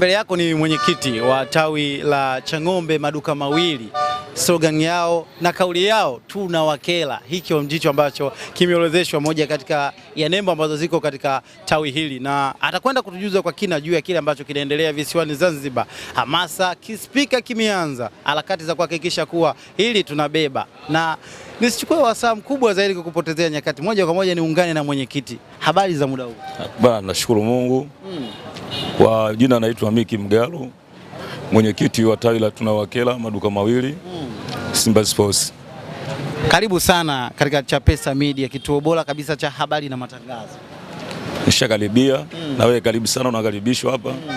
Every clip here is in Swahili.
Mbele yako ni mwenyekiti wa tawi la Chang'ombe maduka mawili. Slogan yao na kauli yao tunawakela, hiki ndicho ambacho kimeorodheshwa moja katika ya nembo ambazo ziko katika tawi hili, na atakwenda kutujuza kwa kina juu ya kile ambacho kinaendelea visiwani Zanzibar. Hamasa kispika kimeanza, harakati za kuhakikisha kuwa hili tunabeba, na nisichukue wasaa mkubwa zaidi kukupotezea nyakati, moja kwa moja niungane na mwenyekiti. Habari za muda huu bwana. Nashukuru Mungu hmm. Kwa jina anaitwa Miki Mgalu, mwenyekiti wa tawi la Tunawakela maduka mawili Simba Sports. Karibu sana katika Chapesa Media, kituo bora kabisa cha habari na matangazo. Nishakaribia mm. na wewe karibu sana, unakaribishwa hapa mm.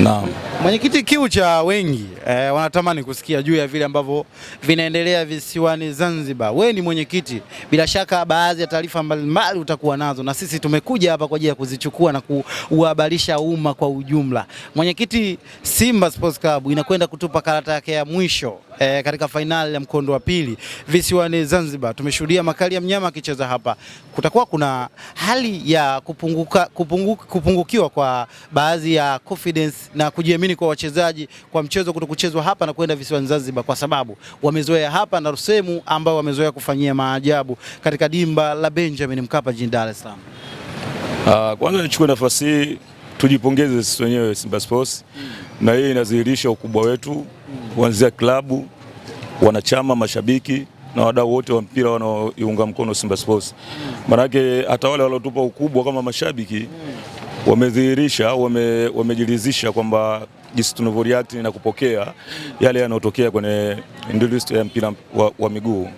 Naam. Mwenyekiti, kiu cha wengi eh, wanatamani kusikia juu ya vile ambavyo vinaendelea visiwani Zanzibar. Wewe ni mwenyekiti, bila shaka baadhi ya taarifa mbalimbali utakuwa nazo, na sisi tumekuja hapa kwa ajili ya kuzichukua na kuhabarisha umma kwa ujumla. Mwenyekiti, Simba Sports Club inakwenda kutupa karata yake ya mwisho e, katika fainali ya mkondo wa pili visiwani Zanzibar. Tumeshuhudia makali ya mnyama akicheza hapa, kutakuwa kuna hali ya kupunguka, kupungu, kupungukiwa kwa baadhi ya confidence na kujiamini kwa wachezaji kwa mchezo kuto kuchezwa hapa na kwenda visiwani Zanzibar, kwa sababu wamezoea hapa na Rusemu ambao wamezoea kufanyia maajabu katika dimba la Benjamin Mkapa jijini Dar es Salaam. Uh, kwanza nichukue nafasi hii tujipongeze sisi wenyewe Simba Sports mm. na hii inadhihirisha ukubwa wetu kuanzia klabu, wanachama, mashabiki na wadau wote wa mpira wanaoiunga mkono Simba Sports. Maanake hata wale waliotupa ukubwa kama mashabiki wamedhihirisha wame, wamejiridhisha kwamba jinsi tunavyoreact na kupokea yale yanayotokea kwenye industry ya mpira wa, wa miguu.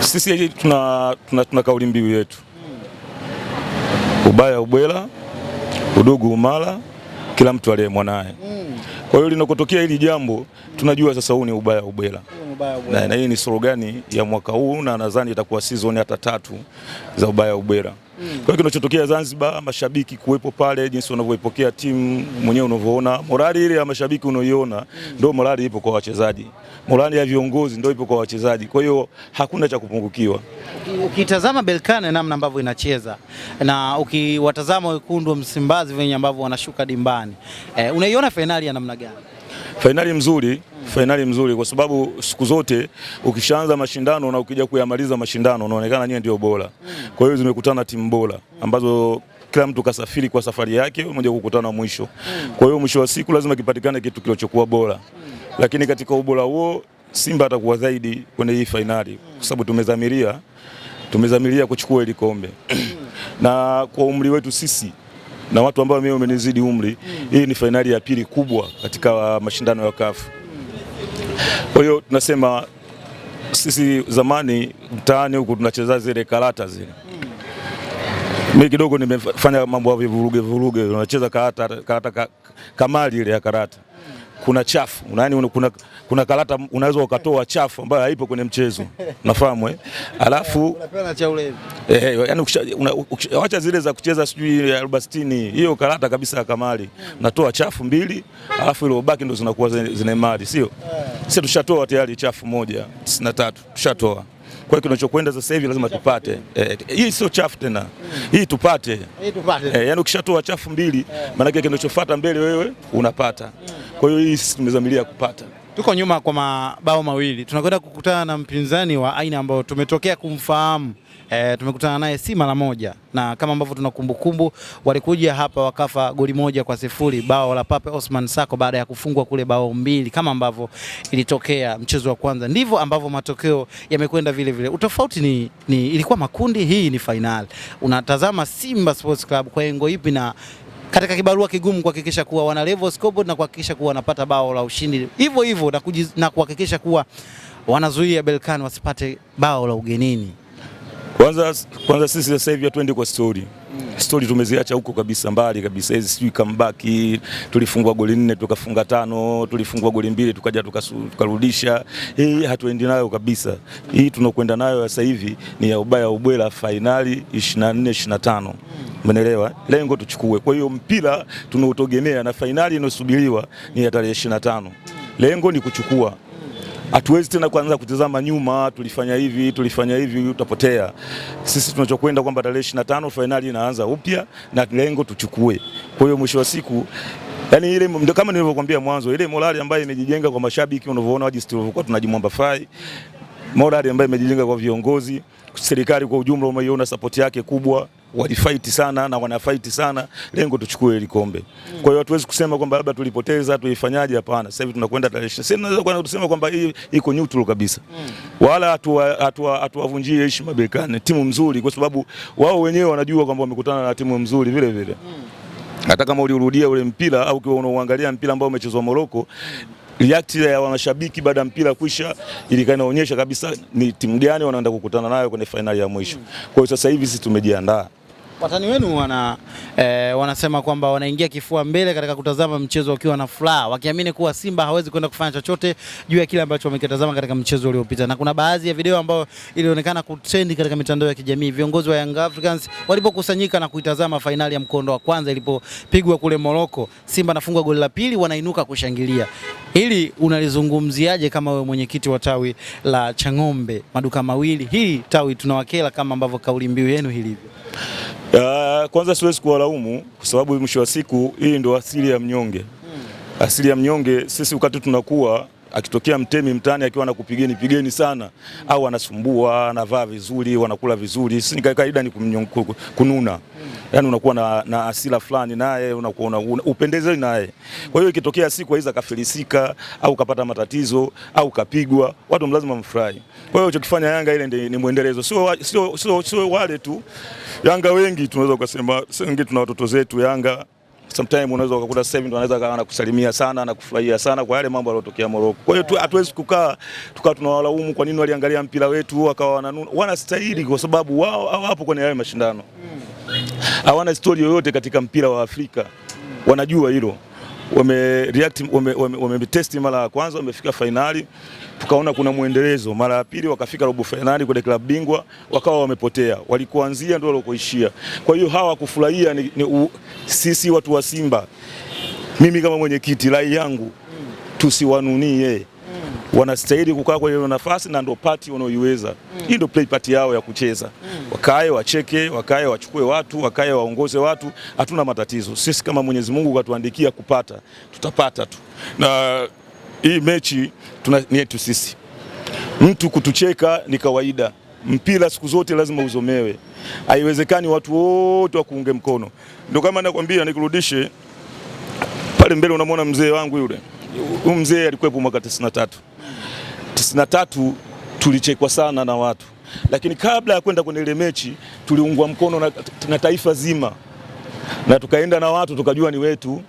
Sisi tuna, tuna, tuna kauli mbiu yetu ubaya ubwela, udugu umala, kila mtu aliye mwanaye. Kwa hiyo linakotokea hili jambo tunajua sasa huu ni ubaya ubela. Na, na hii ni slogan ya mwaka huu na nadhani itakuwa season hata tatu za ubaya ubela. Mm. Kwa hiyo kinachotokea Zanzibar, mashabiki kuwepo pale, jinsi wanavyoipokea timu, mwenyewe unavyoona morali ile ya mashabiki unaoiona, mm. ndio morali ipo kwa wachezaji, morali ya viongozi ndio ipo kwa wachezaji. Kwa hiyo hakuna cha kupungukiwa. Ukitazama Belkane namna ambavyo inacheza na ukiwatazama wekundu wa Msimbazi venye ambavyo wanashuka dimbani, eh, unaiona fainali ya namna gani? Fainali mzuri, fainali mzuri kwa sababu siku zote ukishaanza mashindano na ukija kuyamaliza mashindano unaonekana nyewe ndio bora. Kwa hiyo zimekutana timu bora ambazo kila mtu kasafiri kwa safari yake moja kukutana mwisho. Kwa hiyo mwisho wa siku lazima kipatikane kitu kilichokuwa bora, lakini katika ubora huo Simba atakuwa zaidi kwenye hii fainali kwa sababu tumezamiria tumezamiria kuchukua ile kombe na kwa umri wetu sisi na watu ambao mimi wamenizidi umri. Hii ni fainali ya pili kubwa katika mashindano ya CAF. Kwa hiyo tunasema sisi zamani mtaani huku tunacheza zile karata zile mimi kidogo nimefanya mambo ya vuruge vuruge, unacheza karata, karata kamali ile ya karata kuna chafu yaani, kuna, kuna karata unaweza ukatoa chafu ambayo haipo kwenye mchezo unafahamu eh? Alafu eh, eh, eh yani acha zile za kucheza sijui albastini, hiyo karata kabisa ya kamari natoa chafu mbili, alafu ile ubaki ndo zinakuwa zine mali, sio eh. sisi tushatoa tayari chafu moja 93 tushatoa kwa hiyo kinachokwenda sasa hivi lazima tupate eh, eh, hii sio chafu tena hii tupate, hii tupate. Eh, yani ukishatoa chafu mbili eh, maanake kinachofuata mbele wewe unapata Kwa hiyo hii tumezamilia kupata tuko nyuma kwa mabao mawili, tunakwenda kukutana na mpinzani wa aina ambayo tumetokea kumfahamu E, tumekutana naye si mara moja, na kama ambavyo tuna kumbukumbu, walikuja hapa wakafa goli moja kwa sifuri bao la Pape Osman Sako baada ya kufungwa kule bao mbili, kama ambavyo ilitokea mchezo wa kwanza, ndivyo ambavyo matokeo yamekwenda vile vile. Utofauti ni, ni ilikuwa makundi, hii ni fainali. Unatazama Simba Sports Club kwa engo ipi na katika kibarua kigumu kuhakikisha kuwa wana level scoreboard na kuhakikisha kuwa wanapata bao la ushindi hivyo hivyo na kuhakikisha kuwa wanazuia Belkan wasipate bao la ugenini. Kwanza kwanza sisi sasa hivi hatuendi kwa stori stori tumeziacha huko kabisa, mbali kabisa. Hizi sijui comeback, tulifungwa goli nne tukafunga tano, tulifungwa goli mbili tukaja tukarudisha. Hii hatuendi nayo kabisa. Hii tunakwenda nayo sasa hivi ni ya ubaya ubwela, finali 24 25. Umeelewa? Lengo tuchukue. Kwa hiyo mpira tunautegemea, na fainali inayosubiriwa ni ya tarehe 25. Lengo ni kuchukua hatuwezi tena kuanza kutizama nyuma, tulifanya hivi tulifanya hivi, utapotea. Sisi tunachokwenda kwamba tarehe 25 fainali inaanza upya na lengo tuchukue. Kwa hiyo mwisho wa siku Yaani ile kama nilivyokuambia mwanzo, ile morali ambayo imejijenga kwa mashabiki unavyoona wajisti tulivyokuwa tunajimwamba fai morali ambayo imejijenga kwa viongozi, serikali kwa ujumla, umeiona sapoti yake kubwa, walifight sana na wanafight sana, lengo tuchukue ile kombe. Kwa hiyo hatuwezi kusema kwamba labda tulipoteza tuifanyaje, hapana. Sasa hivi tunakwenda tarehe 20, Sasa kwenda kusema kwamba hii iko neutral kabisa, wala hatuwavunjie heshima Berkane, timu nzuri kwa sababu wao wenyewe wanajua kwamba wamekutana na timu mzuri vile vile, hata kama uliurudia ule mpira au ukiwa unaangalia mpira ambao umechezwa Moroko react ya wanashabiki baada ya mpira kuisha ilikuwa inaonyesha kabisa ni timu gani wanaenda kukutana nayo kwenye fainali ya mwisho. Kwa hiyo sasa hivi sisi tumejiandaa. Watani wenu wana e, wanasema kwamba wanaingia kifua mbele katika kutazama mchezo wakiwa na furaha, wakiamini kuwa Simba hawezi kwenda kufanya chochote juu ya kile ambacho wamekitazama katika mchezo uliopita, na kuna baadhi ya video ambayo ilionekana kutrendi katika mitandao ya kijamii, viongozi wa Young Africans walipokusanyika na kuitazama fainali ya mkondo wa kwanza ilipopigwa kule Morocco, Simba anafungwa goli la pili, wanainuka kushangilia. Hili unalizungumziaje kama wewe mwenyekiti wa tawi la Chang'ombe maduka mawili? Hii tawi tunawakela kama ambavyo kauli mbiu yenu ilivyo. Eh, kwanza siwezi kuwalaumu kwa sababu mwisho wa siku hii ndio asili ya mnyonge. Hmm. Asili ya mnyonge sisi wakati tunakuwa akitokea mtemi mtaani akiwa anakupigeni pigeni sana au anasumbua, anavaa vizuri, wanakula vizuri, si kawaida ni kununa, yani unakuwa na, na asila fulani naye unakuwa una, upendezeni naye. Kwa hiyo ikitokea siku aiza kafilisika au kapata matatizo au kapigwa, watu lazima mfurahi. Kwa hiyo chokifanya Yanga ile ni mwendelezo, sio sio sio wale tu Yanga wengi tunaweza kusema wengi tuna watoto zetu Yanga sometimes unaweza ukakuta sasa hivi ndo anaweza kusalimia sana na kufurahia sana kwa yale mambo yaliyotokea Morocco. Kwa hiyo hatuwezi kukaa tukawa tunawalaumu kwa nini waliangalia mpira wetu wakawa wananuna. Wanastahili kwa sababu wao hawapo kwenye hayo mashindano, hmm. hawana historia yoyote katika mpira wa Afrika, wanajua hilo wame react wame, test mara ya kwanza wamefika fainali, tukaona kuna mwendelezo. Mara ya pili wakafika robo fainali kwenye klabu bingwa, wakawa wamepotea, walikuanzia ndio walikoishia. Kwa hiyo hawa kufurahia ni, ni u, sisi watu wa Simba, mimi kama mwenyekiti, rai yangu tusiwanunie wanastahili kukaa kwenye hiyo nafasi na ndio pati wanaoiweza. Mm. Hii ndio play pati yao ya kucheza. Mm. Wakae wacheke, wakae wachukue watu, wakae waongoze watu, hatuna matatizo. Sisi kama Mwenyezi Mungu katuandikia kupata, tutapata tu. Na hii mechi tuna yetu sisi. Mtu kutucheka ni kawaida. Mpira siku zote lazima uzomewe. Haiwezekani watu wote wakuunge mkono. Ndio kama nakwambia nikurudishe pale mbele, unamwona mzee wangu yule huyu mzee alikuwepo mwaka 93. 93 tulichekwa sana na watu, lakini kabla ya kwenda kwenye ile mechi tuliungwa mkono na, na taifa zima na tukaenda na watu tukajua ni wetu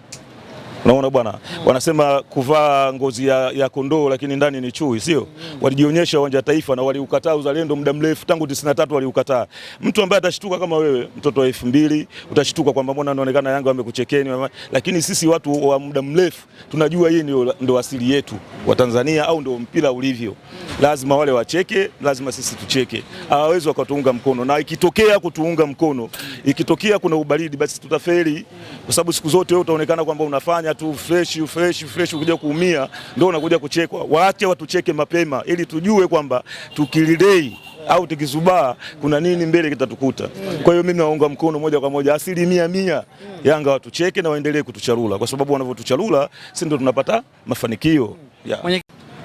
Unaona bwana, wanasema kuvaa ngozi ya, ya kondoo lakini ndani ni chui, sio? Walijionyesha uwanja wa Taifa na waliukataa uzalendo muda mrefu, tangu 93 waliukataa. Mtu ambaye atashtuka kama wewe, mtoto wa 2000, utashtuka kwamba mbona inaonekana Yanga wamekuchekeni, lakini sisi watu wa muda mrefu tunajua hii ndio, ndio asili yetu wa Tanzania au ndio mpira ulivyo. Lazima wale wacheke, lazima sisi tucheke. Hawawezi wakatuunga mkono, na ikitokea kutuunga mkono, ikitokea kuna ubaridi, basi tutafeli, kwa sababu siku zote wewe utaonekana kwamba unafanya tu fresh fresh fresh, ukija kuumia ndio unakuja kuchekwa. Waache watucheke mapema, ili tujue kwamba tukilidei au tukizubaa kuna nini mbele kitatukuta. Kwa hiyo mimi naunga mkono moja kwa moja asilimia mia Yanga watucheke na waendelee kutucharula, kwa sababu wanavyotucharula si ndio tunapata mafanikio yeah.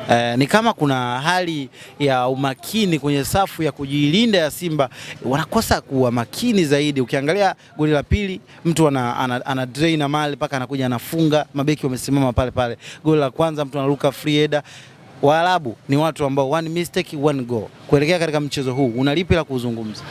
E, ni kama kuna hali ya umakini kwenye safu ya kujilinda ya Simba, wanakosa kuwa makini zaidi. Ukiangalia goli la pili mtu ana, ana, ana drain mali mpaka anakuja anafunga, mabeki wamesimama pale pale. Goli la kwanza mtu anaruka free header. Waarabu ni watu ambao one mistake one goal. Kuelekea katika mchezo huu unalipi la kuzungumza?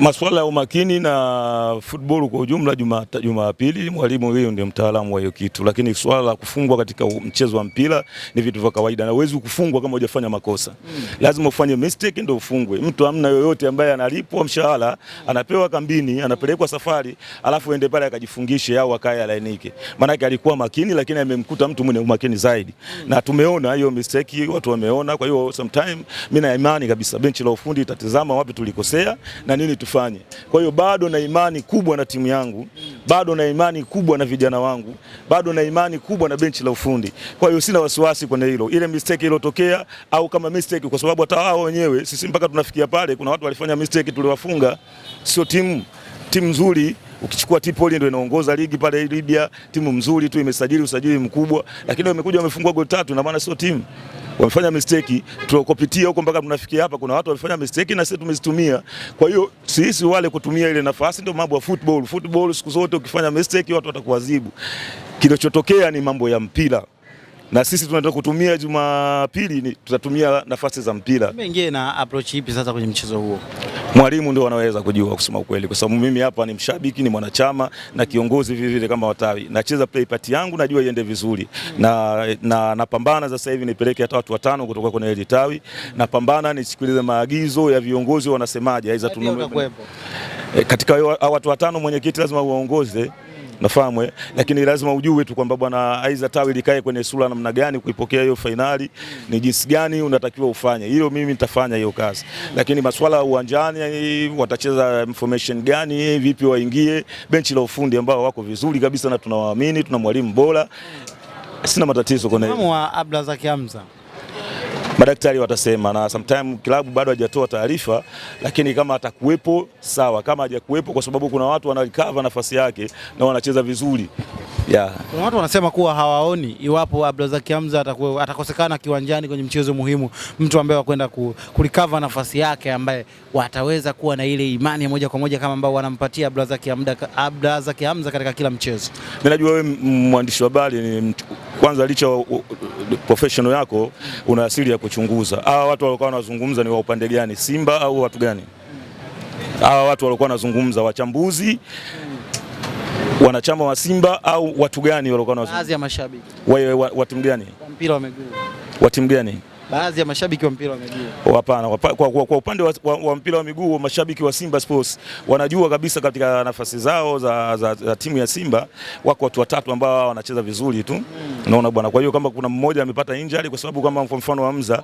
masuala ya umakini na football kwa ujumla, Jumapili mwalimu huyu ndio mtaalamu wa hiyo kitu, lakini swala la kufungwa katika mchezo wa mpira ni vitu vya kawaida, na huwezi kufungwa kama hujafanya makosa mm. Lazima ufanye mistake ndio ufungwe. Mtu amna yoyote ambaye analipwa mshahara anapewa kambini anapelekwa safari alafu ende pale akajifungishe au akae alainike. Maana yake alikuwa makini, lakini amemkuta mtu mwenye umakini zaidi mm. Na tumeona hiyo mistake, watu wameona. Kwa hiyo sometime mimi na imani kabisa benchi la ufundi itatazama wapi tulikosea na nini tufanye. Kwa hiyo bado na imani kubwa na timu yangu, bado na imani kubwa na vijana wangu, bado na imani kubwa na benchi la ufundi. Kwa hiyo sina wasiwasi kwenye hilo, ile mistake iliyotokea au kama mistake, kwa sababu hata wao wenyewe sisi mpaka tunafikia pale, kuna watu walifanya mistake tuliwafunga. Sio timu timu nzuri Ukichukua Tripoli ndio inaongoza ligi pale Libya, timu mzuri tu, imesajili usajili mkubwa, lakini wamekuja wamefungua goli tatu, na maana sio timu wamefanya mistake tulokopitia huko mpaka tunafikia hapa. Kuna watu wamefanya mistake na sisi tumezitumia. Kwa hiyo sisi wale kutumia ile nafasi, ndio mambo ya football. Football siku zote ukifanya mistake watu watakuadhibu. Kilichotokea ni mambo ya mpira na sisi tunataka kutumia Jumapili ni tutatumia nafasi za mpira. Mengine na approach ipi sasa kwenye mchezo huo? Mwalimu ndio anaweza kujua kusema ukweli, kwa sababu mimi hapa ni mshabiki, ni mwanachama na kiongozi vile vile kama watawi. Nacheza play part yangu, najua iende vizuri mm. na, na napambana sasa hivi nipeleke hata watu watano kutoka kwenye ile tawi, napambana nisikilize maagizo ya viongozi wanasemaje, aidha tunome yaani eh, katika watu watano mwenyekiti lazima uongoze nafahamu eh, lakini lazima ujue tu kwamba bwana, Aiza tawi likae kwenye sura namna gani kuipokea hiyo fainali, ni jinsi gani unatakiwa ufanye hilo. Mimi nitafanya hiyo kazi, lakini masuala ya uwanjani, watacheza information gani, vipi waingie, benchi la ufundi ambao wako vizuri kabisa na tunawaamini, tuna mwalimu bora, sina matatizo kwa nini. Abdulazaki Hamza madaktari watasema, na sometimes klabu bado hajatoa taarifa, lakini kama atakuwepo sawa, kama hajakuwepo, kwa sababu kuna watu wanarecover nafasi yake na wanacheza vizuri yeah. Kuna watu wanasema kuwa hawaoni iwapo Abdulrazak Hamza atakosekana kiwanjani kwenye mchezo muhimu, mtu ambaye wakwenda kulikava nafasi yake, ambaye wataweza kuwa na ile imani ya moja kwa moja kama ambao wanampatia Abdulrazak Hamza katika kila mchezo. Mimi najua wewe mwandishi wa habari ni kwanza licha professional yako una asili ya kuchunguza. Hawa watu walikuwa wanazungumza ni wa upande gani, Simba au watu gani? Hawa watu walikuwa wanazungumza wachambuzi wanachama wa Simba au watu gani walikuwa wanazungumza? Baadhi ya mashabiki. wa timu gani? Mpira wa miguu. Wa timu gani? baadhi ya mashabiki wa mpira wa miguu? Oh, hapana, kwa, kwa, kwa upande wa, wa, wa mpira wa miguu mashabiki wa Simba Sports wanajua kabisa katika nafasi zao za, za, za za timu ya Simba wako watu watatu ambao wanacheza vizuri tu hmm. naona bwana. Kwa hiyo kama kuna mmoja amepata injury, kwa sababu kama kwa mfano Hamza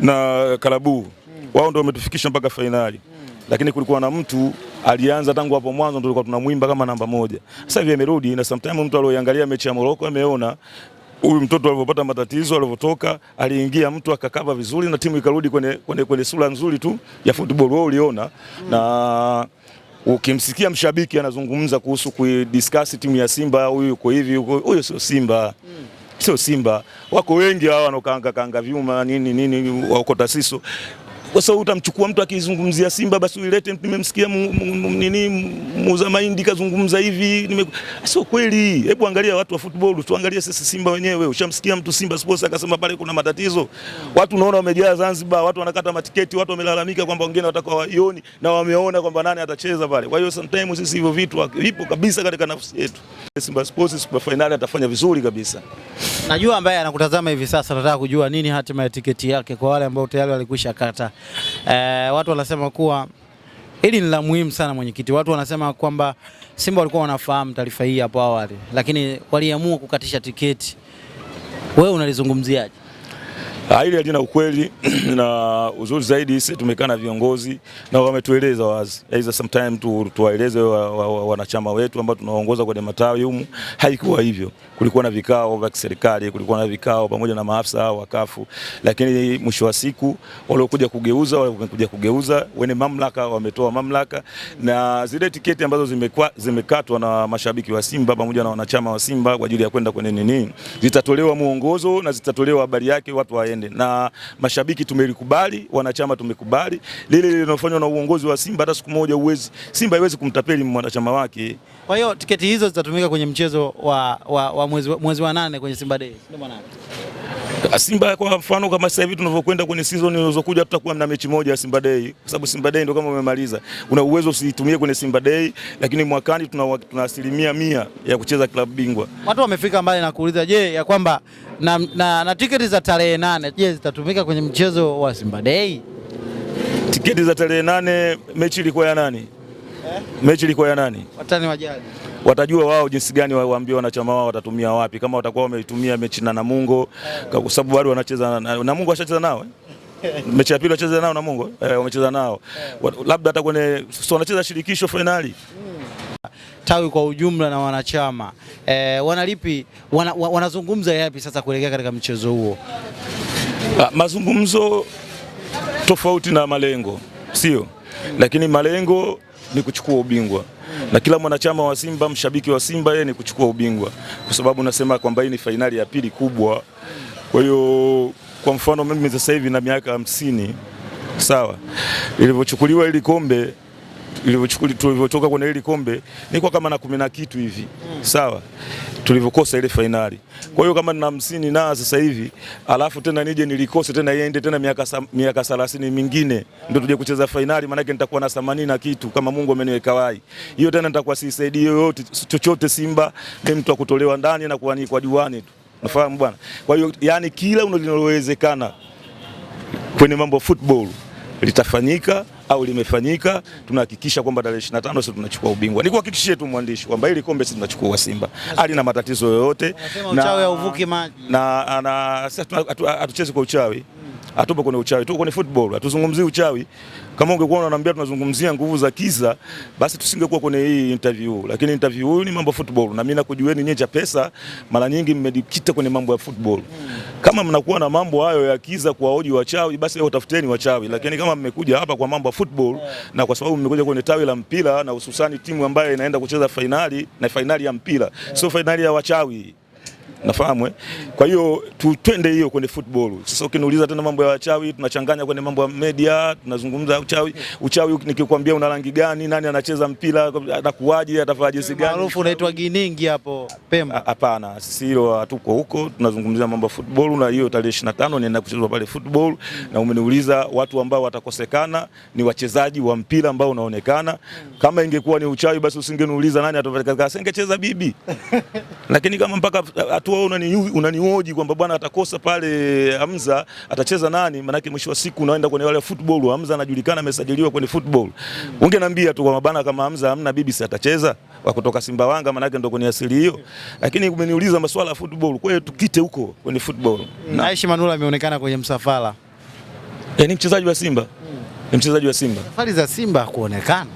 na Kalabu hmm. wao ndio wametufikisha mpaka fainali hmm. lakini kulikuwa na mtu alianza tangu hapo mwanzo, ndio tulikuwa tunamwimba kama namba moja. Sasa hivi amerudi, na sometimes mtu aliyoangalia mechi ya Morocco ameona huyu mtoto alivyopata matatizo alivyotoka, aliingia mtu akakava vizuri na timu ikarudi kwenye, kwenye, kwenye sura nzuri tu ya football wao uliona mm. na ukimsikia mshabiki anazungumza kuhusu kuidiscuss timu ya Simba, huyu yuko hivi, huyo sio Simba mm. Sio Simba, wako wengi hawa wanaokaanga kanga vyuma nini nini, wako tasiso kwa sababu utamchukua mtu akizungumzia Simba basi uilete, nimemsikia nini muuza mahindi kazungumza hivi, sio kweli. Hebu angalia watu wa football, tuangalie sisi Simba wenyewe. Ushamsikia mtu Simba Sports akasema pale kuna matatizo? Watu naona wamejaa Zanzibar, watu wanakata matiketi, watu wamelalamika kwamba wengine watakuwa waioni na wameona kwamba nani atacheza pale. Kwa hiyo sometimes sisi hivyo vitu vipo kabisa katika nafsi yetu. Simba Sports super finali atafanya vizuri kabisa. Najua ambaye anakutazama hivi sasa nataka kujua nini hatima ya tiketi yake kwa wale ambao tayari walikwisha kata. E, watu wanasema kuwa hili ni la muhimu sana mwenyekiti. Watu wanasema kwamba Simba walikuwa wanafahamu taarifa hii hapo awali, lakini waliamua kukatisha tiketi. Wewe unalizungumziaje? Ah, hili halina ukweli na uzuri zaidi sisi tumekaa na viongozi na wametueleza wazi, either sometime tu tuwaeleze wanachama wa, wa, wetu ambao tunaongoza kwenye matawi humu. Haikuwa hivyo, kulikuwa na vikao vya kiserikali, kulikuwa na vikao pamoja na maafisa wa kafu, lakini mwisho wa siku waliokuja kugeuza waliokuja kugeuza, wenye mamlaka wametoa mamlaka, na zile tiketi ambazo zimekwa, zimekatwa na mashabiki wa Simba pamoja na wanachama wa Simba kwa ajili ya kwenda kwenye nini, zitatolewa muongozo na zitatolewa habari yake, watu waende tuende, na mashabiki tumelikubali, wanachama tumekubali lile linalofanywa na uongozi wa Simba. Hata siku moja uwezi, Simba haiwezi kumtapeli mwanachama wake. Kwa hiyo tiketi hizo zitatumika kwenye mchezo wa, wa, wa mwezi, mwezi wa nane kwenye Simba Day, ndio maana Simba kwa mfano kama sasa hivi tunavyokwenda kwenye season inazokuja tutakuwa na mechi moja Simba Day, kwa sababu Simba Day ndio kama umemaliza, una uwezo usiitumie kwenye Simba Day, lakini mwakani tuna, tuna asilimia mia ya kucheza klabu bingwa. Watu wamefika mbali na kuuliza, je, ya kwamba na, na, na tiketi za tarehe nane je zitatumika kwenye mchezo wa Simba Day? Tiketi za tarehe nane mechi ilikuwa ya nani eh? mechi ilikuwa ya nani? watani wa jadi watajua wao jinsi gani waambie wanachama wao watatumia wapi, kama watakuwa wameitumia mechi na Namungo, kwa sababu bado wanacheza na Namungo, washacheza nao eh? mechi ya pili wacheza nao Namungo, eh, wamecheza nao eh. labda hata kwenye so wanacheza shirikisho fainali hmm. tawi kwa ujumla na wanachama eh, wanalipi wana, wanazungumza yapi sasa kuelekea katika mchezo huo? Ah, mazungumzo tofauti na malengo sio, lakini malengo ni kuchukua ubingwa na kila mwanachama wa Simba, mshabiki wa Simba, yeye ni kuchukua ubingwa, kwa sababu nasema kwamba hii ni fainali ya pili kubwa. Kwa hiyo kwa mfano mimi sasa hivi na miaka hamsini, sawa, ilivyochukuliwa ili kombe tulivyotoka kwenye ile kombe nilikuwa kama na kumi na kitu hivi mm. Sawa, tulivyokosa ile fainali. Kwa hiyo kama na hamsini na sasa hivi, alafu tena nije nilikose tena iende tena miaka miaka 30 mingine ndio tuje kucheza fainali, maana yake nitakuwa na 80 na kitu, kama Mungu ameniweka wai hiyo, tena nitakuwa sisaidii yoyote chochote. Simba ni mtu wa kutolewa ndani na kwa juani tu, unafahamu bwana. Kwa hiyo yani kila unalowezekana kwenye mambo football litafanyika au limefanyika. Tunahakikisha kwamba tarehe 25 sisi tunachukua ubingwa. Nikuhakikishie tu mwandishi kwamba hili kombe sisi tunachukua Simba hali na matatizo yoyote na, na, na, na, hatuchezi kwa uchawi hatupo kwenye uchawi, tuko kwenye football, hatuzungumzii uchawi. Kama ungekuwa unaniambia tunazungumzia nguvu za kiza, basi tusingekuwa kwenye hii interview, lakini interview huyu ni mambo football, na mimi nakujueni nyenye cha pesa, mara nyingi mmejikita kwenye mambo ya football. Kama mnakuwa na mambo hayo ya kiza kwa hoji wachawi, basi leo tafuteni wachawi, lakini kama mmekuja hapa kwa mambo ya football, na kwa sababu mmekuja kwenye tawi la mpira na hususani timu ambayo inaenda kucheza fainali na fainali ya mpira, sio fainali ya wachawi nafahamu eh? Kwa hiyo tutwende hiyo kwenye football. Sasa ukiniuliza tena mambo ya wachawi, tunachanganya kwenye mambo ya media, tunazungumza uchawi. Uchawi nikikwambia una rangi gani, nani anacheza mpira, atakuwaje, atafanya jinsi gani, maarufu unaitwa giningi hapo Pemba. Hapana, sisi hilo hatuko huko, tunazungumzia mambo ya football, na hiyo tarehe 25 nienda kucheza pale football. Na umeniuliza watu ambao watakosekana ni wachezaji wa mpira ambao unaonekana. Kama ingekuwa ni uchawi, basi usingeniuliza nani atakayeningecheza bibi, lakini kama mpaka atu tu wewe unani unanioji kwamba bwana atakosa pale Hamza atacheza nani? manake mwisho wa siku unaenda kwenye wale football, Hamza anajulikana amesajiliwa kwenye football. mm. Ungeniambia tu kwamba bwana kama Hamza hamna BBC atacheza wa kutoka Simba Wanga, manake ndo kwenye asili hiyo, lakini umeniuliza maswala ya football, kwa hiyo tukite huko kwenye football. mm. na Aishi Manula ameonekana kwenye msafara, eh, ni mchezaji wa Simba, mm. ni mchezaji wa Simba, safari za Simba kuonekana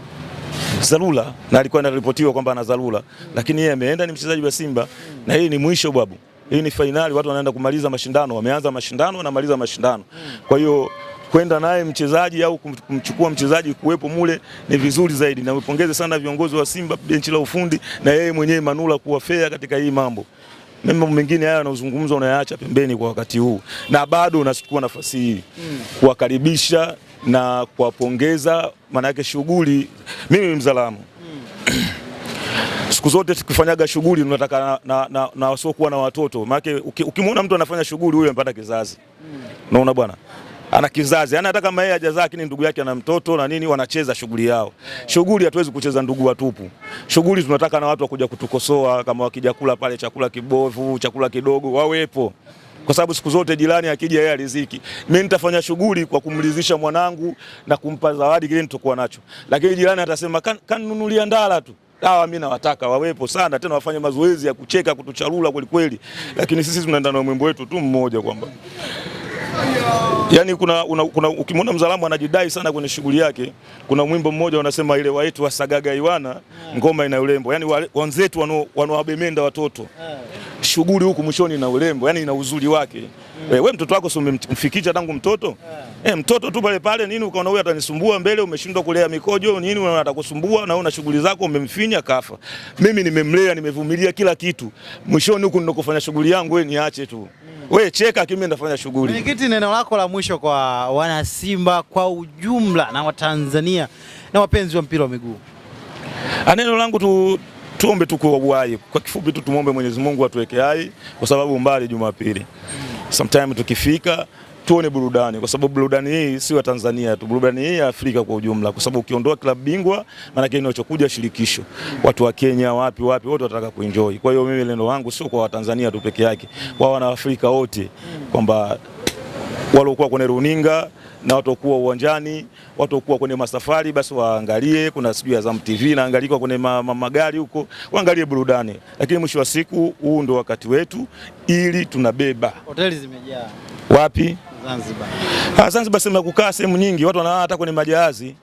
Zalula na alikuwa anaripotiwa kwamba ana Zalula lakini yeye ameenda, ni mchezaji wa Simba na hii ni mwisho babu, hii ni fainali, watu wanaenda kumaliza mashindano, wameanza mashindano, na maliza mashindano. Kwa hiyo kwenda naye mchezaji au kumchukua mchezaji kuwepo mule ni vizuri zaidi. Na mpongeze sana viongozi wa Simba, benchi la ufundi na yeye mwenyewe Manula kuwa fair katika hii mambo. Mambo mengine haya yanazungumzwa unayaacha pembeni kwa wakati huu, na bado unachukua nafasi hii kuwakaribisha na kuwapongeza, maana yake shughuli, mimi Mzalamu siku zote tukifanyaga shughuli tunataka na, na, na wasiokuwa na watoto, maanake ukimwona mtu anafanya shughuli huyo amepata kizazi. Unaona bwana ana kizazi yani, hata kama yeye hajazaa, lakini ndugu yake ana mtoto na nini, wanacheza shughuli yao. Shughuli hatuwezi kucheza ndugu watupu. Shughuli tunataka na watu wakuja kutukosoa, kama wakija kula pale chakula kibovu, chakula kidogo, wawepo kwa sababu siku zote jirani akija yeye aliziki. Mimi nitafanya shughuli kwa kumridhisha mwanangu na kumpa zawadi kile nitakuwa nacho, lakini jirani atasema kan, kanunulia ndala tu Hawa mimi nawataka wawepo sana tena wafanye mazoezi ya kucheka kutucharula kweli kweli, lakini sisi tunaenda na mwimbo wetu tu mmoja kwamba Yaani kuna, una, kuna ukimwona mzalamu anajidai sana kwenye shughuli yake, kuna mwimbo mmoja wanasema ile wa wasagaga iwana ngoma ina ulembo, yani wanzetu wanaowabemenda watoto shughuli huku mwishoni na urembo, yani ina uzuri wake. Mm. Wewe eh, mtoto wako si umemfikisha tangu mtoto? Yeah. E, mtoto tu pale pale nini ukaona huyu atanisumbua mbele, umeshindwa kulea mikojo nini atakusumbua na una shughuli zako umemfinya kafa. Mimi nimemlea, nimevumilia kila kitu. Mwishoni huku ninakofanya shughuli yangu wewe niache tu. Mm. Wewe cheka kimi ndafanya shughuli. Mwenyekiti, neno lako la mwisho kwa wana Simba kwa ujumla na Watanzania na wapenzi wa mpira wa miguu. Ah, neno langu tu tuombe tu kwa uhai. Kwa kifupi tu tumombe Mwenyezi Mungu atuweke hai, kwa sababu mbali Jumapili sometime tukifika tuone burudani, kwa sababu burudani hii si wa Tanzania tu, burudani hii ya Afrika kwa ujumla, kwa sababu ukiondoa klabu bingwa, maana yake inachokuja shirikisho, watu wa Kenya wapi wapi, wote watataka kuenjoy. Kwa hiyo mimi lendo wangu sio kwa Watanzania tu peke yake, kwa wana Afrika wote, kwamba waliokuwa kwenye runinga na watokuwa uwanjani, watokuwa kwenye masafari, basi waangalie. Kuna sijui Azam TV naangalikwa kwenye magari huko, waangalie burudani, lakini mwisho wa siku huu ndio wakati wetu, ili tunabeba. Hoteli zimejaa wapi? Zanzibar. Ha, Zanzibar sema kukaa sehemu nyingi, watu wanalala hata kwenye majahazi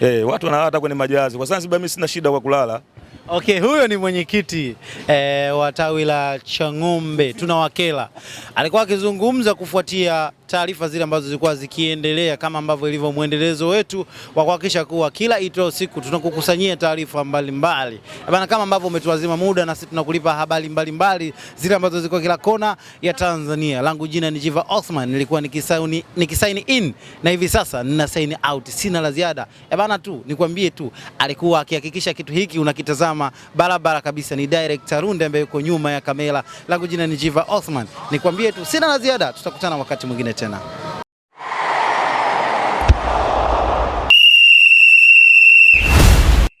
eh, watu wanalala hata kwenye majahazi. Kwa Zanzibar mimi sina shida kwa kulala. Okay, huyo ni mwenyekiti eh, wa tawi la Chang'ombe tunawakela, alikuwa akizungumza kufuatia taarifa zile ambazo zilikuwa zikiendelea, kama ambavyo ilivyo mwendelezo wetu wa kuhakikisha kuwa kila itwao siku tunakukusanyia taarifa mbalimbali bana, kama ambavyo umetuazima muda, na sisi tunakulipa habari mbalimbali zile ambazo ziko kila kona ya Tanzania. Langu jina ni Jiva Osman, nilikuwa nikisaini, nikisaini in na hivi sasa nina sign out, sina la ziada e bana, tu nikwambie tu alikuwa akihakikisha kitu hiki unakitazama barabara kabisa, ni director Runde ambaye yuko nyuma ya kamera. Langu jina ni Jiva Osman, nikwambie tu sina la ziada, tutakutana wakati mwingine. বেচে না